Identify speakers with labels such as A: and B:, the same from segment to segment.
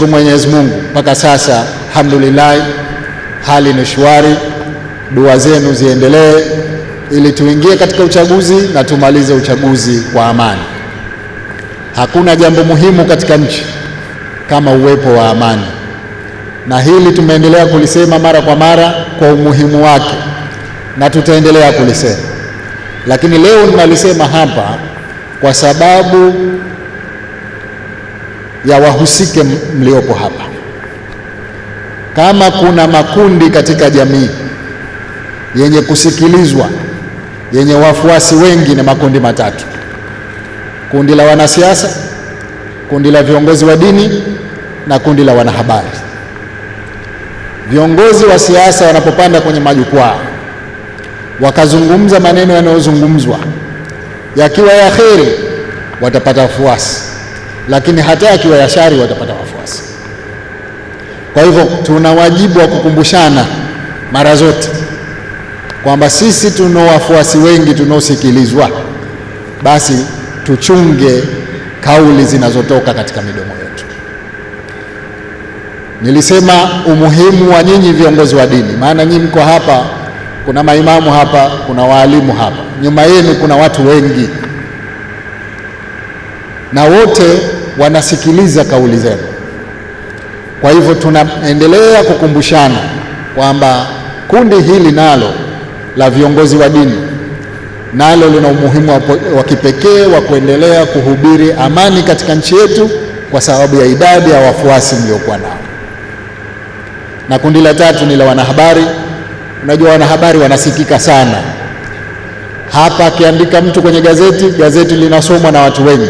A: tunamshukuru Mwenyezi Mungu mpaka sasa, alhamdulillah, hali ni shwari. Dua zenu ziendelee ili tuingie katika uchaguzi na tumalize uchaguzi kwa amani. Hakuna jambo muhimu katika nchi kama uwepo wa amani, na hili tumeendelea kulisema mara kwa mara kwa umuhimu wake na tutaendelea kulisema, lakini leo ninalisema hapa kwa sababu ya wahusike mliopo hapa. Kama kuna makundi katika jamii yenye kusikilizwa, yenye wafuasi wengi, na makundi matatu: kundi la wanasiasa, kundi la viongozi wa dini na kundi la wanahabari. Viongozi wa siasa wanapopanda kwenye majukwaa wakazungumza maneno yanayozungumzwa yakiwa ya kheri, watapata wafuasi lakini hata akiwa ya shari watapata wafuasi. Kwa hivyo tuna wajibu wa kukumbushana mara zote kwamba sisi tuna wafuasi wengi tunaosikilizwa, basi tuchunge kauli zinazotoka katika midomo yetu. Nilisema umuhimu wa nyinyi viongozi wa dini, maana nyinyi mko hapa, kuna maimamu hapa, kuna waalimu hapa, nyuma yenu kuna watu wengi na wote wanasikiliza kauli zenu. Kwa hivyo tunaendelea kukumbushana kwamba kundi hili nalo la viongozi wa dini nalo lina umuhimu wa kipekee wa kuendelea kuhubiri amani katika nchi yetu kwa sababu ya idadi ya wafuasi mliokuwa nao. Na kundi la tatu ni la wanahabari. Unajua, wanahabari wanasikika sana hapa. Akiandika mtu kwenye gazeti, gazeti linasomwa na watu wengi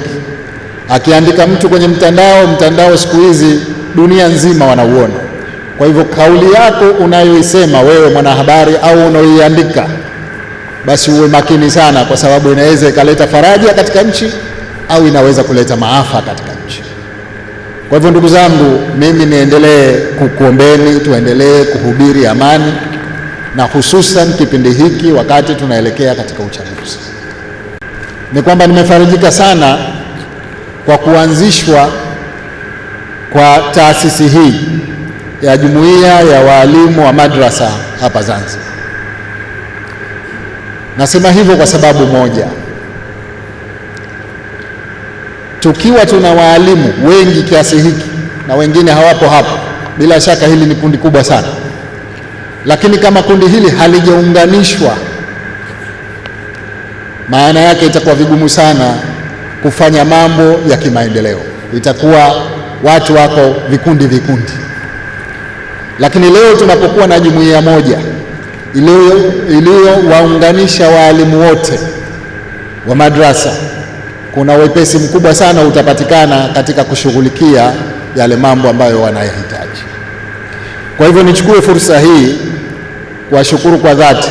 A: Akiandika mtu kwenye mtandao, mtandao siku hizi dunia nzima wanauona. Kwa hivyo kauli yako unayoisema wewe mwanahabari au unaoiandika, basi uwe makini sana, kwa sababu inaweza ikaleta faraja katika nchi au inaweza kuleta maafa katika nchi. Kwa hivyo ndugu zangu, mimi niendelee kukuombeni, tuendelee kuhubiri amani na hususan kipindi hiki wakati tunaelekea katika uchaguzi. Ni kwamba nimefarijika sana kwa kuanzishwa kwa taasisi hii ya jumuiya ya waalimu wa madrasa hapa Zanzibar. Nasema hivyo kwa sababu moja, tukiwa tuna waalimu wengi kiasi hiki na wengine hawapo hapo, bila shaka hili ni kundi kubwa sana, lakini kama kundi hili halijaunganishwa, maana yake itakuwa vigumu sana kufanya mambo ya kimaendeleo. Itakuwa watu wako vikundi vikundi, lakini leo tunapokuwa na jumuiya moja iliyowaunganisha waalimu wote wa madrasa, kuna wepesi mkubwa sana utapatikana katika kushughulikia yale mambo ambayo wanayahitaji. Kwa hivyo nichukue fursa hii kuwashukuru kwa dhati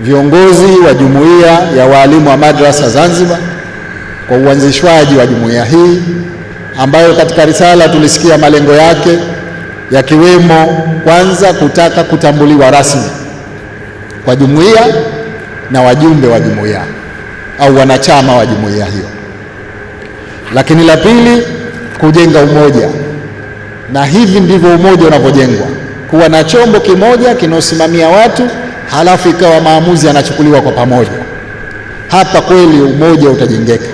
A: viongozi wa jumuiya ya waalimu wa madrasa Zanzibar kwa uanzishwaji wa jumuiya hii ambayo katika risala tulisikia malengo yake yakiwemo kwanza, kutaka kutambuliwa rasmi kwa jumuiya na wajumbe wa jumuiya au wanachama wa jumuiya hiyo, lakini la pili, kujenga umoja. Na hivi ndivyo umoja unavyojengwa, kuwa na chombo kimoja kinaosimamia watu, halafu ikawa maamuzi yanachukuliwa kwa pamoja. Hapa kweli umoja utajengeka.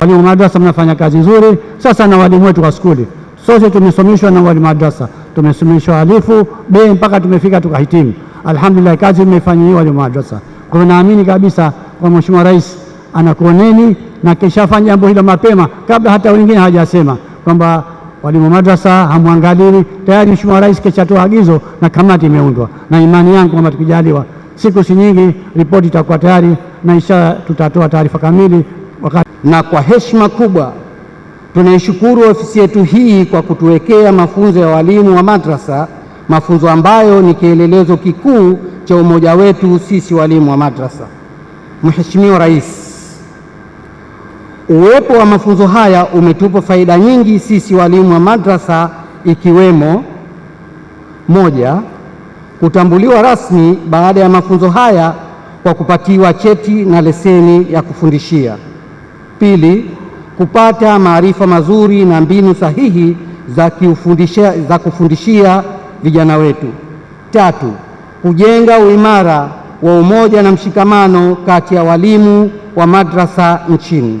A: Walimu madrasa mnafanya kazi nzuri. Sasa na walimu wetu wa skuli sote tumesomeshwa na walimu madrasa, tumesomeshwa alifu be mpaka tumefika tukahitimu. Alhamdulillah, kazi imefanyiwa hii walimu madrasa. Kwa hiyo naamini kabisa kwa Mheshimiwa Rais anakuoneni na kishafanya jambo hilo mapema kabla hata wengine hawajasema kwamba walimu madrasa hamwangaliwi. Tayari Mheshimiwa Rais kishatoa agizo na kamati imeundwa, na imani yangu kwamba tukijaliwa, siku si nyingi, ripoti itakuwa tayari na insha tutatoa taarifa kamili wakati. Na kwa heshima kubwa tunaishukuru ofisi yetu hii kwa kutuwekea mafunzo ya walimu wa madrasa, mafunzo ambayo ni kielelezo kikuu cha umoja wetu sisi walimu wa madrasa. Mheshimiwa Rais, uwepo wa mafunzo haya umetupa faida nyingi sisi walimu wa madrasa ikiwemo moja, kutambuliwa rasmi baada ya mafunzo haya kwa kupatiwa cheti na leseni ya kufundishia. Pili, kupata maarifa mazuri na mbinu sahihi za, za kufundishia vijana wetu. Tatu, kujenga uimara wa umoja na mshikamano kati ya walimu wa madrasa nchini.